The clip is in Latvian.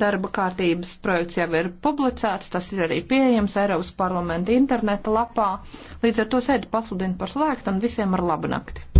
Darba kārtības projekts jau ir publicēts, tas ir arī pieejams Eiropas parlamenta interneta lapā. Līdz ar to sēdi pasludina par slēgtu un visiem ar labu nakti.